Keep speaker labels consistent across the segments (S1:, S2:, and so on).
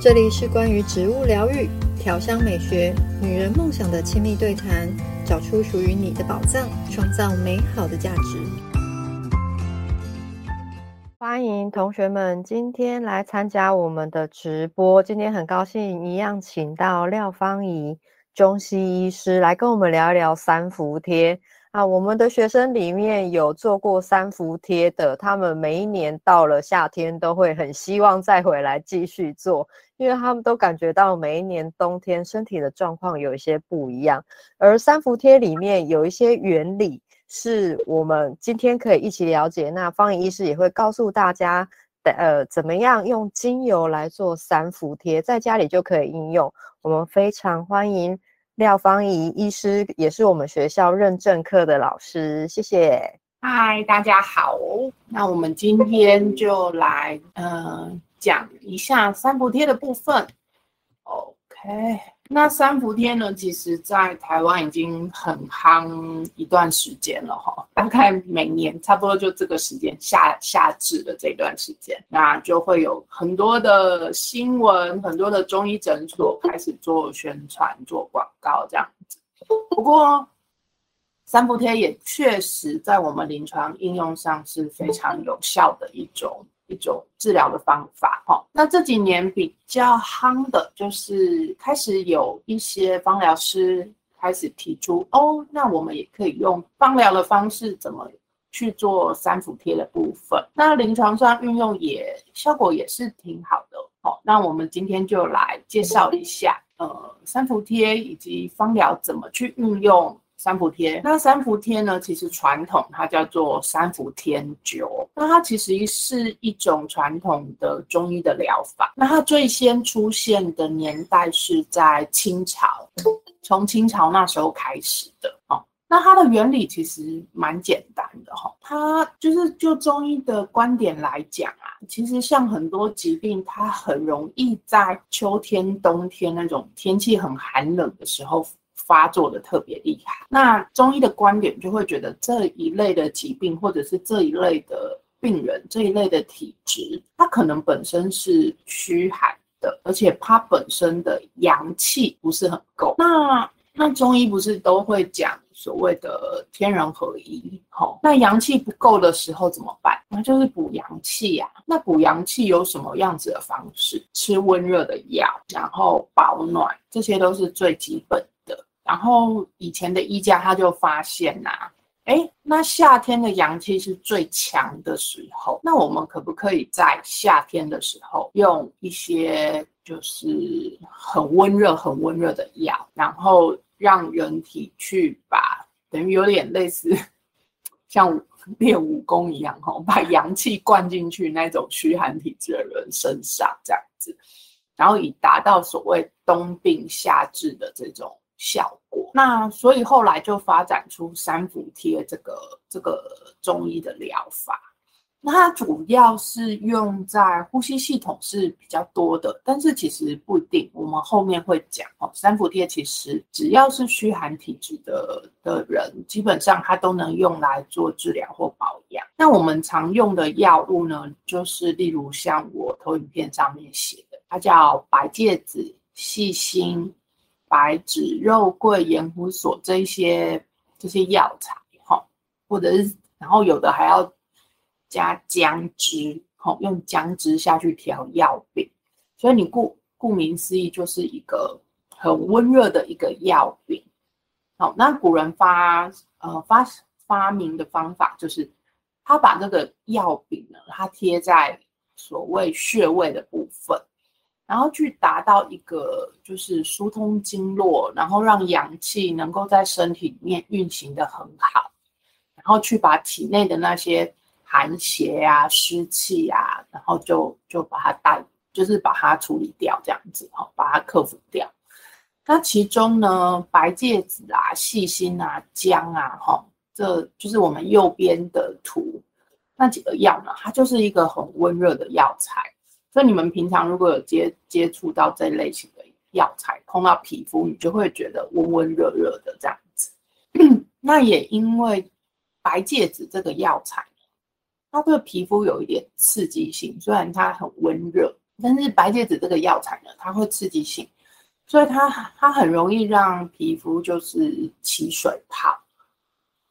S1: 這裡是關於植物療癒、調香美學、女人夢想的親密對談，找出屬於你的寶藏，創造美好的價值。歡迎同學們今天來參加我們的直播，今天很高興一樣請到廖芳儀中西醫師來跟我們聊一聊三伏貼。啊，我們的學生裡面有做過三伏貼的，他們每一年到了夏天都會很希望再回來繼續做，因為他們都感覺到每一年冬天身體的狀況有一些不一樣。而三伏貼裡面有一些原理是，我們今天可以一起了解。那芳儀醫師也會告訴大家，呃，怎麼樣用精油來做三伏貼，在家裡就可以應用。我們非常歡迎。廖芳儀醫師也是我們學校認證課的老師，謝謝。
S2: 嗨，大家好，
S1: 那我們今天
S2: 就來嗯講，呃，一下三伏貼的部分，OK。那三伏天呢，其實，在台灣已經很夯一段時間了哈，大概每年差不多就這個時間，夏夏至的這段時間，那就會有很多的新聞，很多的中醫診所開始做宣傳、做廣告這樣子。不過，三伏貼也確實在我們臨床應用上是非常有效的一種，一種治療的方法，哦，那這幾年比較夯的，就是開始有一些芳療師開始提出，哦，那我們也可以用芳療的方式，怎麼去做三伏貼的部分？那臨床上運用也效果也是挺好的，哦，那我們今天就來介紹一下，呃，三伏貼以及芳療怎麼去運用。三伏貼，那三伏天呢？其實傳統它叫做三伏天灸，那它其實是一種傳統的中醫的療法。那它最先出現的年代是在清朝，從清朝那時候開始的哦。那它的原理其實蠻簡單的哈，它就是就中醫的觀點來講啊，其實像很多疾病，它很容易在秋天、冬天那種天氣很寒冷的時候。發作的特別厲害，那中醫的觀點就會覺得這一類的疾病，或者是這一類的病人，這一類的體質，它可能本身是虛寒的，而且它本身的陽氣不是很夠。那那中醫不是都會講所謂的天人合一吼、哦？那陽氣不夠的時候怎麼辦？那就是補陽氣啊。那補陽氣有什麼樣子的方式？吃溫熱的藥，然後保暖，這些都是最基本。然後以前的醫家他就發現吶、啊，誒，那夏天的陽氣是最強的時候，那我們可不可以在夏天的時候用一些就是很溫熱、很溫熱的藥，然後讓人體去把等於有點類似像練武功一樣哈、哦，把陽氣灌進去那種虛寒體質的人身上這樣子，然後以達到所謂冬病夏治的這種。效果那，所以後來就發展出三伏貼這個這個中醫的療法。那它主要是用在呼吸系統是比較多的，但是其實不一定。我們後面會講哦，三伏貼其實只要是虛寒體質的的人，基本上它都能用來做治療或保養。那我們常用的藥物呢，就是例如像我投影片上面寫的，它叫白芥子、細辛。白芷、肉桂、延胡索這些這些藥材，哈、哦，或者是，然後有的還要加薑汁，哦、用薑汁下去調藥餅。所以你顧顧名思義，就是一個很溫熱的一個藥餅。好、哦，那古人發呃發發明的方法，就是他把那個藥餅呢，它貼在所謂穴位的部分。然後去達到一個就是疏通經絡，然後讓陽氣能夠在身體裡面運行的很好，然後去把體內的那些寒邪啊、濕氣啊，然後就就把它帶，就是把它處理掉，這樣子哦，把它克服掉。那其中呢，白芥子啊、細辛啊、薑啊、哦，這就是我們右邊的圖那幾個藥呢，它就是一個很溫熱的藥材。所以你們平常如果有接接觸到這類型的藥材，碰到皮膚，你就會覺得溫溫熱熱的這樣子。 那也因為白芥子這個藥材，它對皮膚有一點刺激性，雖然它很溫熱，但是白芥子這個藥材呢，它會刺激性，所以它它很容易讓皮膚就是起水泡。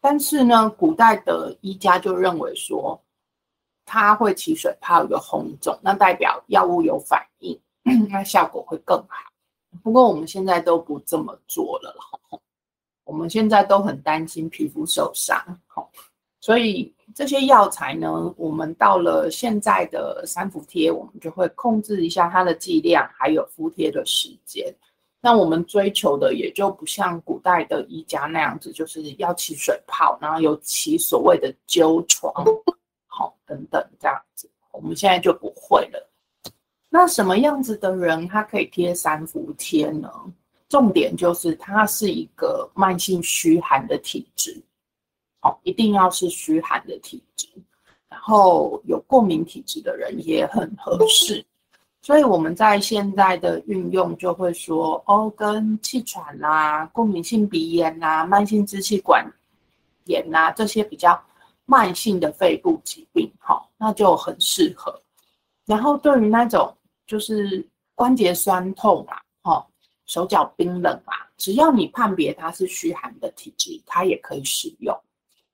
S2: 但是呢，古代的醫家就認為說，它會起水泡、有紅腫，那代表藥物有反應，那效果會更好。不過我們現在都不這麼做了，我們現在都很擔心皮膚受傷，所以這些藥材呢，我們到了現在的三伏貼，我們就會控制一下它的劑量，還有敷貼的時間。那我們追求的也就不像古代的醫家那樣子，就是要起水泡，然後有起所謂的灸瘡。 好、哦，等等這樣子，我們現在就不會了。那什麼樣子的人他可以貼三伏貼呢？重點就是他是一個慢性虛寒的體質，好、哦，一定要是虛寒的體質。然後有過敏體質的人也很合適，所以我們在現在的運用就會說，哦，跟氣喘啦、啊、過敏性鼻炎啦、啊、慢性支氣管炎啦、啊、這些比較。慢性的肺部疾病，哈，那就很適合。然後對於那種就是關節痠痛啊，哦，手腳冰冷啊，只要你判別它是虛寒的體質，它也可以使用。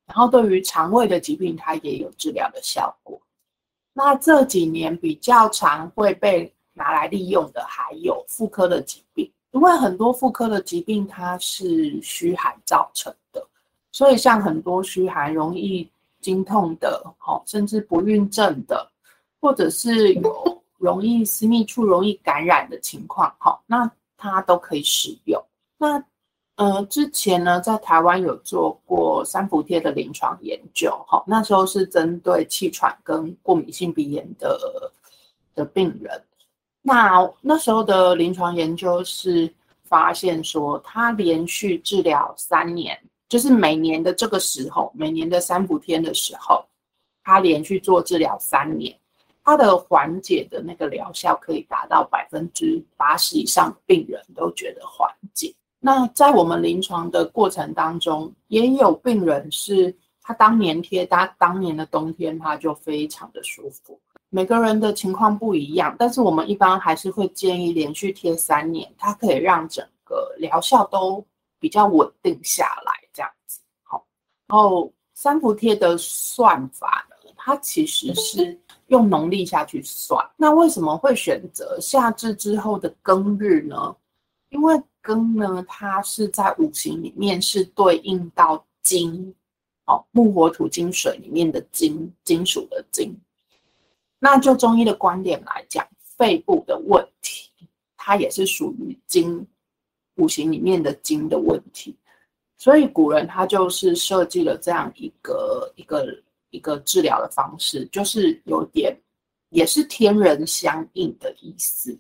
S2: 然後對於腸胃的疾病，它也有治療的效果。那這幾年比較常會被拿來利用的，還有婦科的疾病，因為很多婦科的疾病它是虛寒造成的，所以像很多虛寒容易，經痛的，好，甚至不孕症的，或者是有容易私密處容易感染的情況，好，那它都可以使用。那呃，之前呢，在台灣有做過三伏貼的臨床研究，哈，那時候是針對氣喘跟過敏性鼻炎的的病人。那那時候的臨床研究是發現說，他連續治療三年。就是每年的這個時候，每年的三伏天的時候，他連續做治療三年，他的緩解的那個療效可以達到百分之八十以上，病人都覺得緩解。那在我們臨床的過程當中，也有病人是他當年貼，他當年的冬天他就非常的舒服。每個人的情況不一樣，但是我們一般還是會建議連續貼三年，它可以讓整個療效都比較穩定下來。然後、哦、三伏貼的算法呢，它其實是用農曆下去算。那為什麼會選擇夏至之後的庚日呢？因為庚呢，它是在五行裡面是對應到金，哦、木火土金水裡面的金，金屬的金。那就中醫的觀點來講，肺部的問題，它也是屬於金，五行裡面的金的問題。所以古人他就是設計了這樣一個一個一個治療的方式，就是有點也是天人相應的意思，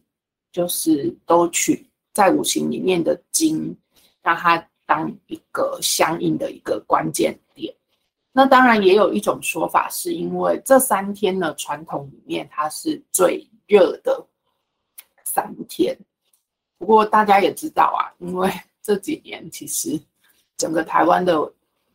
S2: 就是都取在五行裡面的金，讓它當一個相應的一個關鍵點。那當然也有一種說法，是因為這三天呢，傳統裡面它是最熱的三天。不過大家也知道啊，因為這幾年其實。整個台灣的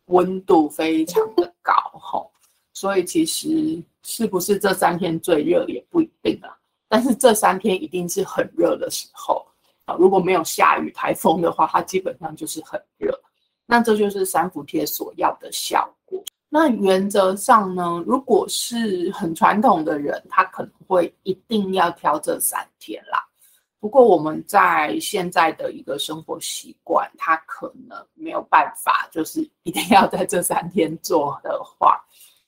S2: 溫度非常的高吼、 哦，所以其實是不是這三天最熱也不一定啊，但是這三天一定是很熱的時候啊。如果沒有下雨、颱風的話，它基本上就是很熱。那這就是三伏貼所要的效果。那原則上呢，如果是很傳統的人，他可能會一定要挑這三天了、啊。不過我們在現在的一個生活習慣，它可能沒有辦法，就是一定要在這三天做的話，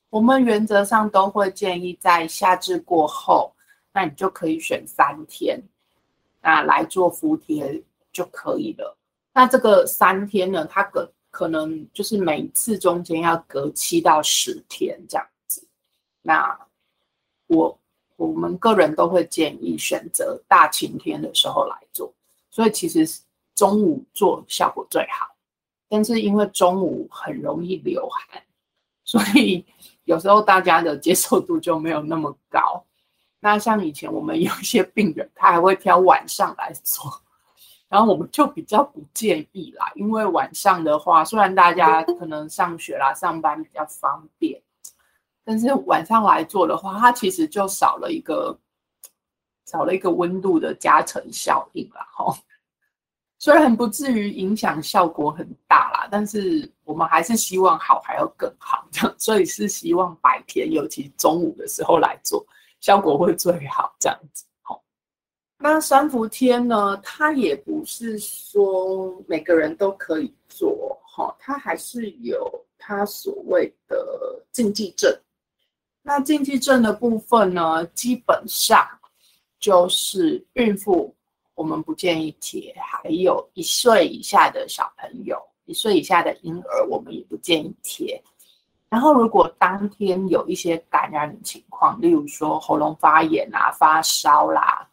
S2: 我們原則上都會建議在夏至過後，那你就可以選三天，那來做伏貼就可以了。那這個三天呢，它可可能就是每次中間要隔七到十天這樣子。那我。我們個人都會建議選擇大晴天的時候來做，所以其實中午做效果最好。但是因為中午很容易流汗，所以有時候大家的接受度就沒有那麼高。那像以前我們有一些病人，他還會挑晚上來做，然後我們就比較不建議啦。因為晚上的話，雖然大家可能上學啦、上班比較方便。但是晚上來做的話，它其實就少了一個少了一個溫度的加成效應了哈。雖然很不至於影響效果很大啦，但是我們還是希望好還要更好這樣，所以是希望白天，尤其中午的時候來做，效果會最好這樣子哈。那三伏天呢，它也不是說每個人都可以做哈，它還是有它所謂的禁忌症。那禁忌症的部分呢，基本上就是孕婦，我們不建議貼；還有一歲以下的小朋友，一歲以下的嬰兒，我們也不建議貼。然後，如果當天有一些感染的情況，例如說喉嚨發炎啊、發燒啦、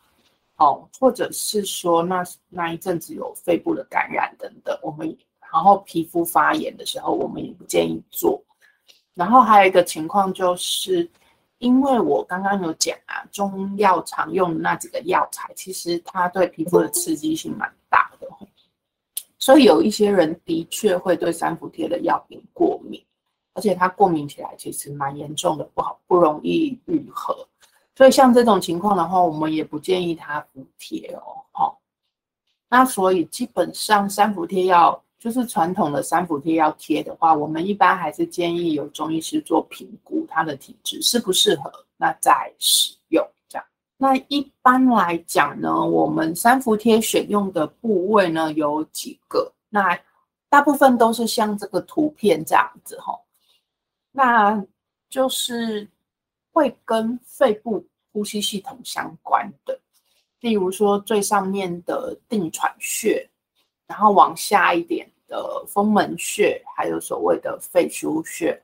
S2: 啊，哦，或者是說那那一陣子有肺部的感染等等，我們然後皮膚發炎的時候，我們也不建議做。然後還有一個情況就是，因為我剛剛有講啊，中藥常用的那幾個藥材，其實它對皮膚的刺激性蠻大的，所以有一些人的確會對三伏貼的藥品過敏，而且它過敏起來其實蠻嚴重的，不好不容易愈合。所以像這種情況的話，我們也不建議他敷貼哦。那所以基本上三伏貼要，就是傳統的三伏貼要貼的話，我們一般還是建議由中醫師做評估，他的體質適不適合，那再使用這樣。那一般來講呢，我們三伏貼選用的部位呢有幾個，那大部分都是像這個圖片這樣子哈、哦，那就是會跟肺部呼吸系統相關的，例如說最上面的定喘穴，然後往下一點的風門穴，還有所謂的肺俞穴，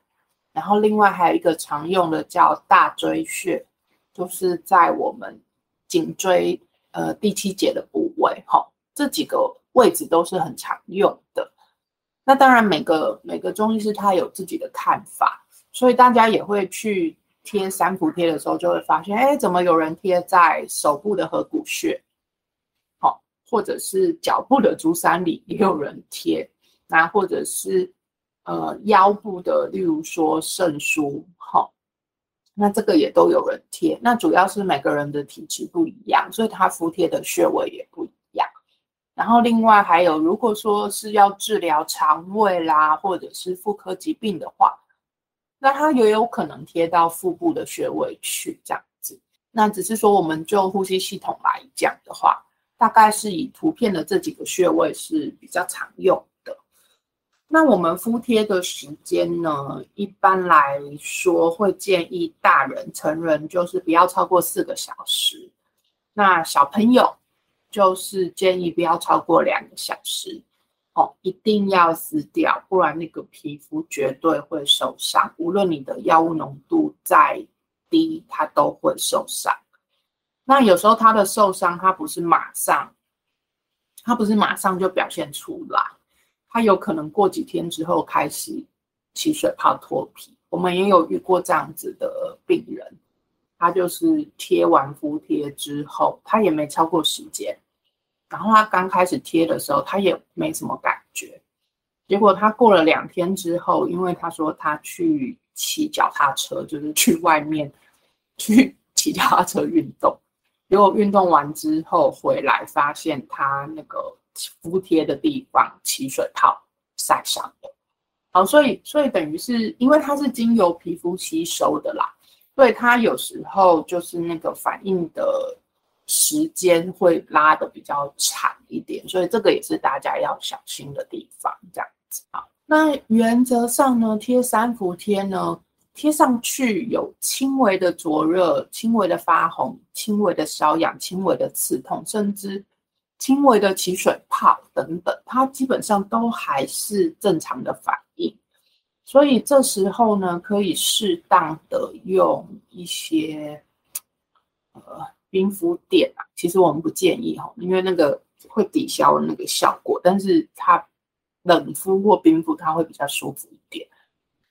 S2: 然後另外還有一個常用的叫大椎穴，就是在我們頸椎呃第七節的部位哈，這幾個位置都是很常用的。那當然每個每個中醫師他有自己的看法，所以大家也會去貼三伏貼的時候就會發現，哎，怎麼有人貼在手部的合谷穴？或者是腳部的足三里也有人貼，那或者是呃腰部的，例如說腎腧齁，那這個也都有人貼。那主要是每個人的體質不一樣，所以它敷貼的穴位也不一樣。然後另外還有，如果說是要治療腸胃啦，或者是婦科疾病的話，那它也有可能貼到腹部的穴位去這樣子。那只是說我們就呼吸系統來講的話。大概是以圖片的這幾個穴位是比較常用的。那我們敷貼的時間呢，一般來說會建議大人、成人就是不要超過四個小時。那小朋友就是建議不要超過兩個小時。哦，一定要撕掉，不然那個皮膚絕對會受傷。無論你的藥物濃度再低，它都會受傷。那有時候他的受傷，他不是馬上，他不是馬上就表現出來，他有可能過幾天之後開始起水泡脫皮。我們也有遇過這樣子的病人，他就是貼完敷貼之後，他也沒超過時間，然後他剛開始貼的時候，他也沒什麼感覺，結果他過了兩天之後，因為他說他去騎腳踏車，就是去外面去騎腳踏車運動。如果運動完之後回來，發現它那個敷貼的地方起水泡，曬傷的。好，所以所以等於是因為它是經由皮膚吸收的啦，所以它有時候就是那個反應的時間會拉得比較長一點，所以這個也是大家要小心的地方，這樣子啊。那原則上呢，貼三伏貼呢，貼上去有輕微的灼熱、輕微的發紅、輕微的瘙癢、輕微的刺痛，甚至輕微的起水泡等等，它基本上都還是正常的反應。所以這時候呢，可以適當的用一些呃冰敷墊啊。其實我們不建議哈，因為那個會抵消那個效果。但是它冷敷或冰敷，它會比較舒服一點。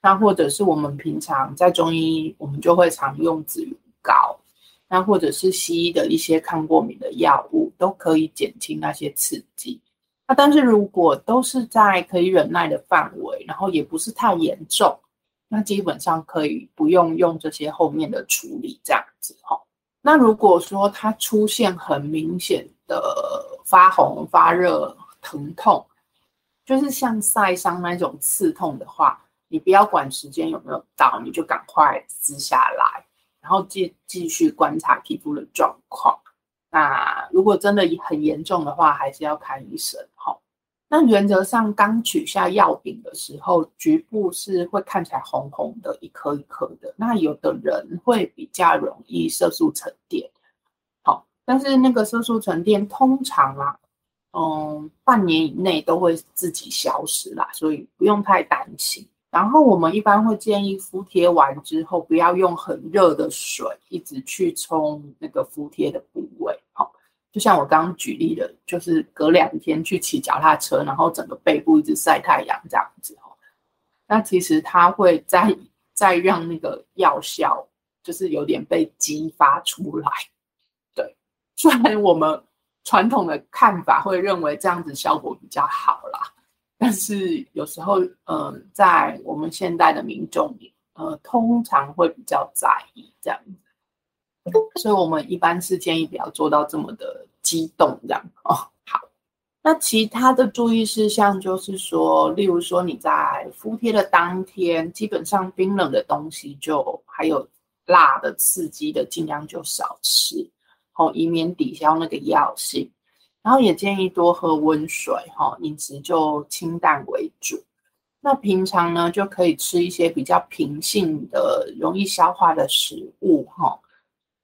S2: 那或者是我們平常在中醫，我們就會常用紫雲膏，那或者是西醫的一些抗過敏的藥物，都可以減輕那些刺激。那但是如果都是在可以忍耐的範圍，然後也不是太嚴重，那基本上可以不用用這些後面的處理這樣子哦。那如果說它出現很明顯的發紅、發熱、疼痛，就是像曬傷那種刺痛的話。你不要管時間有沒有到，你就趕快撕下來，然後繼繼續觀察皮膚的狀況。那如果真的很嚴重的話，還是要看醫生哈、哦。那原則上，剛取下藥餅的時候，局部是會看起來紅紅的，一顆一顆的。那有的人會比較容易色素沉澱，好、哦，但是那個色素沉澱通常啦、啊，嗯，半年以內都會自己消失啦，所以不用太擔心。然後我們一般會建議敷貼完之後，不要用很熱的水一直去沖那個敷貼的部位，好，就像我剛剛舉例的，就是隔兩天去騎腳踏車，然後整個背部一直曬太陽這樣子，哦，那其實它會再再讓那個藥效就是有點被激發出來，對，雖然我們傳統的看法會認為這樣子效果比較好啦。但是有時候，嗯、呃，在我們現代的民眾裡，呃，通常會比較在意這樣，所以我們一般是建議不要做到這麼的激動這樣哦。好，那其他的注意事項就是說，例如說你在敷貼的當天，基本上冰冷的東西就還有辣的、刺激的，盡量就少吃哦，以免抵消那個藥性。然後也建議多喝溫水，哈，飲食就清淡為主。那平常呢，就可以吃一些比較平性的、容易消化的食物，哈。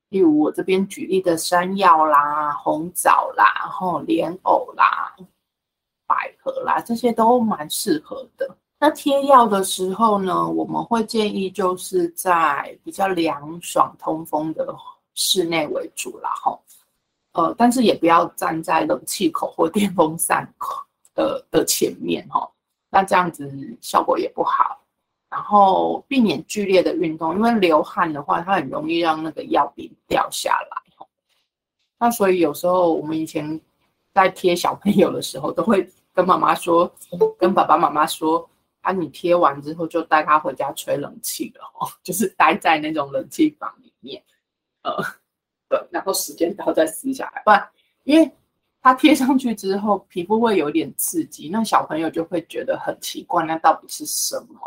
S2: 例如我這邊舉例的山藥啦、紅棗啦，然後蓮藕啦、百合啦，這些都蠻適合的。那貼藥的時候呢，我們會建議就是在比較涼爽、通風的室內為主啦，哈。呃，但是也不要站在冷氣口或電風扇口的的前面哦。那這樣子效果也不好。然後避免劇烈的運動，因為流汗的話，它很容易讓那個藥餅掉下來哦。那所以有時候我們以前在貼小朋友的時候，都會跟媽媽說， 跟爸爸媽媽說，啊，你貼完之後就帶他回家吹冷氣了哦，就是待在那種冷氣房裡面，呃。對，然後時間然後再撕下來，不然因為它貼上去之後皮膚會有點刺激，那小朋友就會覺得很奇怪，那到底是什麼？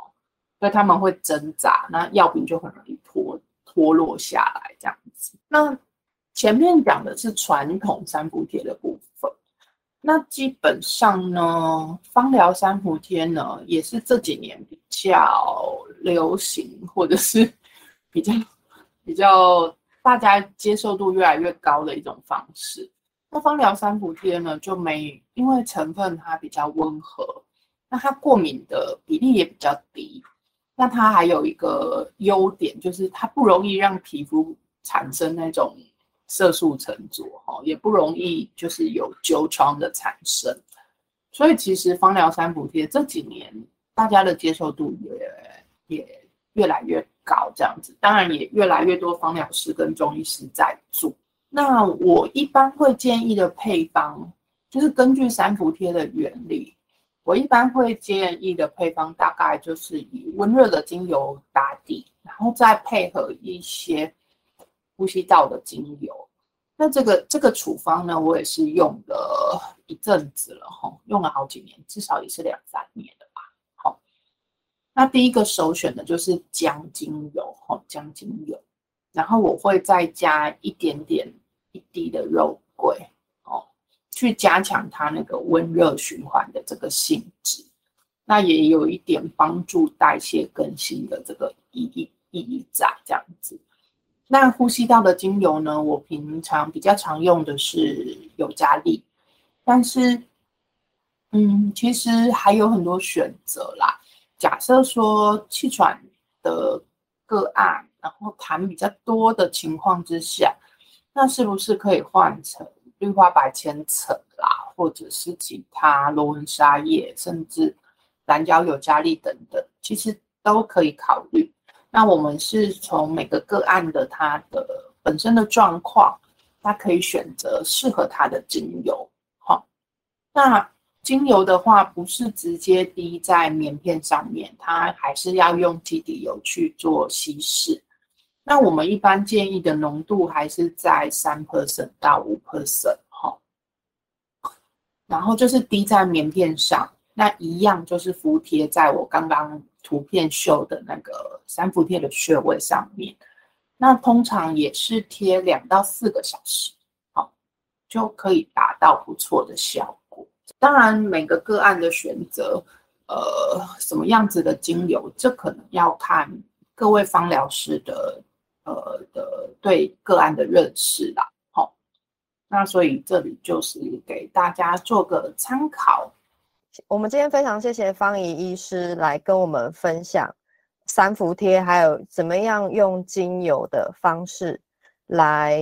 S2: 所以他們會掙扎，那藥品就很容易脫脫落下來這樣子。那前面講的是傳統三伏貼的部分，那基本上呢，芳療三伏貼呢也是這幾年比較流行，或者是比較比較。大家接受度越來越高的一種方式。那芳療三伏貼呢，就沒因為成分它比較溫和，那它過敏的比例也比較低。那它還有一個優點就是它不容易讓皮膚產生那種色素沉着哈，也不容易就是有痤瘡的產生。所以其實芳療三伏貼這幾年大家的接受度也也越來越。搞這樣子，當然也越來越多芳療師跟中醫師在做。那我一般會建議的配方，就是根據三伏貼的原理，我一般會建議的配方大概就是以溫熱的精油打底，然後再配合一些呼吸道的精油。那這個這個處方呢，我也是用了一陣子了哈，用了好幾年，至少也是兩三年了。那第一個首選的就是薑精油，哦，薑精油，然後我會再加一點點一滴的肉桂，哦，去加強它那個溫熱循環的這個性質，那也有一點幫助代謝更新的這個意義意義在這樣子。那呼吸道的精油呢，我平常比較常用的是尤加利，但是，嗯，其實還有很多選擇啦。假設說氣喘的個案，然後痰比較多的情況之下，那是不是可以換成綠花白千層啦，或者是其他羅文莎葉，甚至藍膠尤加利等等，其實都可以考慮。那我們是從每個個案的它的本身的狀況，他可以選擇適合他的精油。好、哦，那。精油的話，不是直接滴在棉片上面，它還是要用基底油去做稀釋。那我們一般建議的濃度還是在三 percent 到五 percent 哈。然後就是滴在棉片上，那一樣就是敷貼在我剛剛圖片秀的那個三伏貼的穴位上面。那通常也是貼兩到四個小時，好、哦，就可以達到不錯的效果。當然，每個個案的選擇，呃，什麼樣子的精油，這可能要看各位芳療師的，呃的對個案的認識啦。好，哦，那所以這裡就是給大家做個參考。
S1: 我們今天非常謝謝芳儀醫師來跟我們分享三伏貼，還有怎麼樣用精油的方式來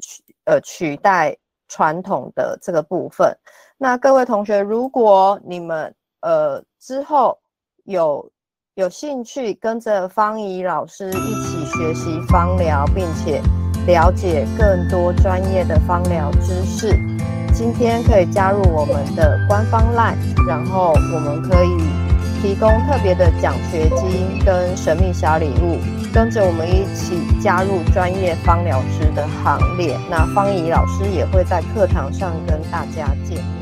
S1: 取呃取代，傳統的這個部分，那各位同學，如果你們呃之後有有興趣跟着芳儀老師一起學習芳療，並且了解更多專業的芳療知識，今天可以加入我們的官方 LINE，然後我們可以。提供特別的獎學金跟神秘小禮物，跟着我們一起加入專業芳療師的行列。那芳儀老師也會在課堂上跟大家見。